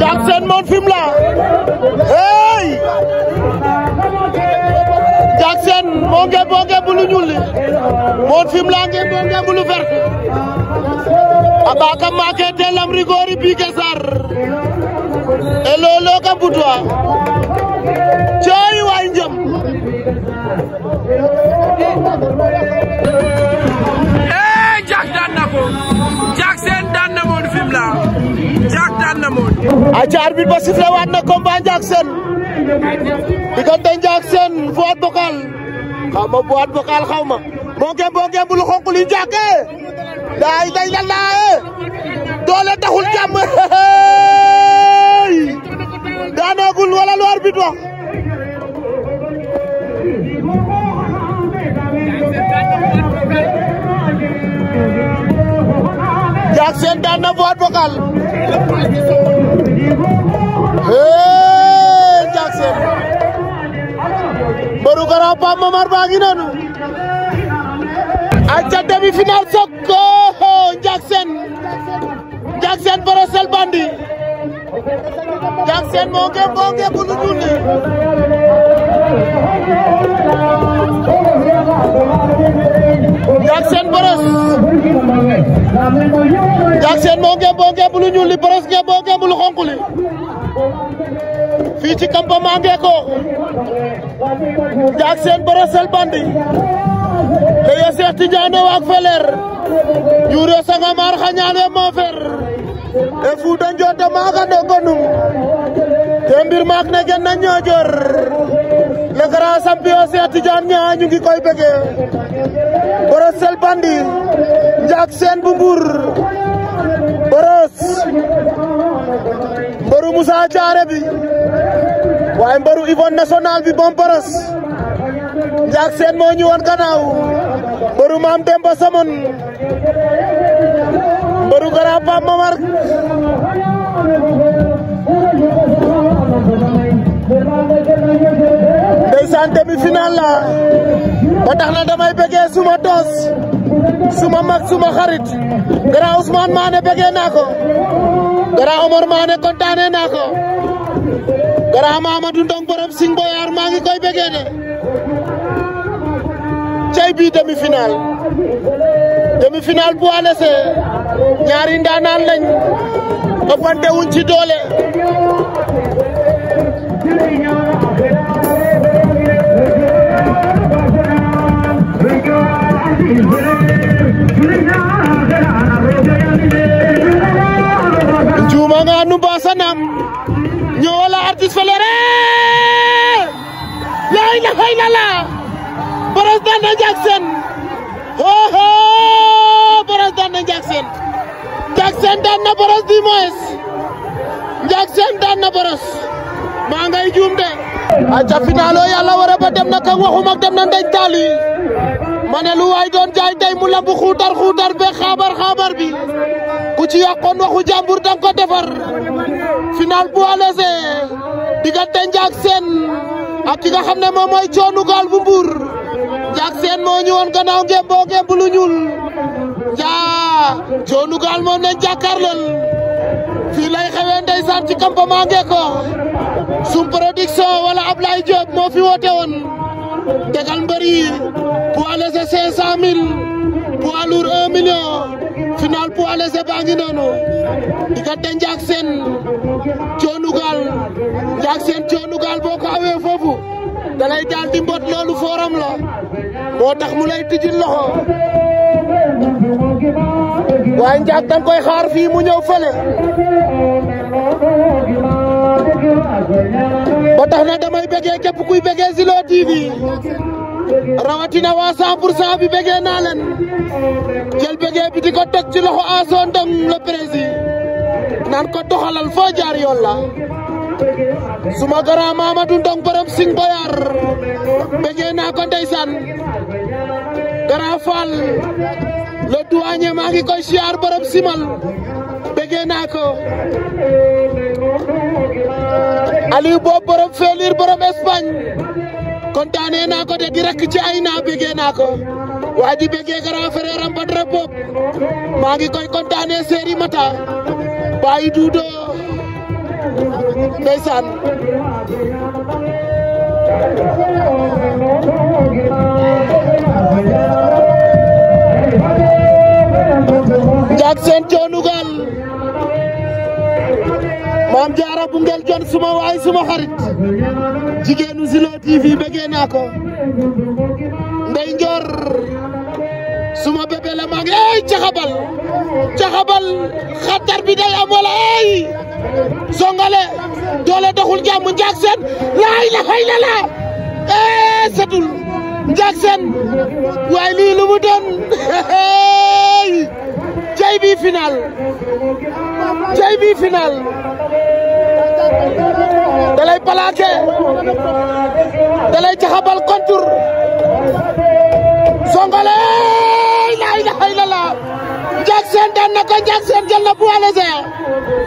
Dame moon Fimela hey Dame Sène moo ngi boo ngi bulu ñuul li moon Fimela ngi boo ngi bulu vert a ɓa kam maake telam rigoori biike sar e loolo kam butwa cey waay njëm aca arbitre ba sifflé waat na combat Ndiack Sène diggante Ndiack Sène Boy Bokal xaw ma Boy Bokal xaw ma moo ngi boo ngi bulu xonq li Ndiack daay day la laa doole taxul jàmm daanoogul lu arbitre wax Ndiack Sène daan na Boy Bokal hee Jackson mbëru Grand Pape Mamar baa ngi noonu aca demi final sok oh Jackson Jackson boro sel bandi Jackson moo ngi bonge Ndiak Sène moo ngeen boo ngeen bulu ñuul li Brosse ngeen boo ngeen bulu xonk li fii ci campement Ngeko Ndiak Sène Brosse Selle Bandi ya le yo Cheikh Tidiane waag Feleer Diour yo Sangomar xa ñaan we Mofer e Fouta Ndiota maaga Ndogonum te mbir maak ne gen na Niodior le grand champion Cheikh Tidiane ñaa ñu ngi koy bëggee Brosse Bandi teen bu buur boros mbaru Moussa Thiaré bi waaye mbaru Yvonne national bi bom boros njaag seen moo mbaru maam Demba Samon mbaru grand Pape Mamar ba tax na damay bëggee suma toos suma mak suma xarit Gara Ousmane Mané bëggee nako? Gara grand Omar Mané kontaane naa ko grand Mamadou Ndong borom Sing Boyar maa ngi koy bëggee de cey bii demi final demi-finale bu alese ñaari ndaanaan lañ ëppante wuñ ci doole sanam ñoo wala artiste Féléré la ilaha illallah boros daan na Jackson boros daan na Jackson Jackson boros du moins Jackson daan boros maa ngay juum de aca finaalo yàlla wara ba dem na kan waxum ak dem na ndey taali ma ne lu waay doon jaay tey mu lamb xuutar xuutar be xaabar xaabar bi ku ci yàqoon waxu jàmbur dang ko defar final bu alese diggante Ndiack Sène ak ki nga xam ne moom mooy coonu bu mbuur Ndiack Sène moo ñëwoon gannaaw ngeen boo lu ñuul jaa coonu moom lañ jàkkaarlool fii lay xewee ndeysaan ci campement Ngeko Soum Production wala Ablaye moo fi woote woon. tegal mbër yi poids léger cinq cent mille poids lourd un million final poids léger baa ngi noonu diggante Ndiack Sène boo ko foofu da daal di mbot loolu fooram la moo tax mu lay tijji loxo waaye Ndiack danga koy xaar fii mu ñëw fële Batahna da na bege kep kuy bege Zilo TV rawatina wasa 100 pour cent bi bege nalen leen jël bëggee bi diko tek ci loxo Asso Ndong le président nan ko doxalal fo jaar yoon la suma gara Mamadou Ndong borom Sing Boyar bege na ko ndeysan gara fal le douane ma ngi koy borom simal bege na ko Aliou Bob borom Félir borom Espagne kontaanee naa ko de di rek naa bëggee naa ko waa ji bëggee grand ba dara Bob maa ngi koy kontaanee Séri Mata bàyyi duudo ndeysaan maam jaara bu jon suma waay suma xarit jigéenu Zilo TV bëggee naa ko ndey njoor suma bébé la maa ngi ey caxabal caxabal xatar bi day am wala ey songale doole doxul jàmm njaag seen laay la xay la la ee setul njaag seen waaye lii lu mu jay bi final jay bi final da lay plaqué da lay jaxabal contour Songole la ilaha illallah Ndiack Sène na ko Ndiack Sène jël na bu wàllu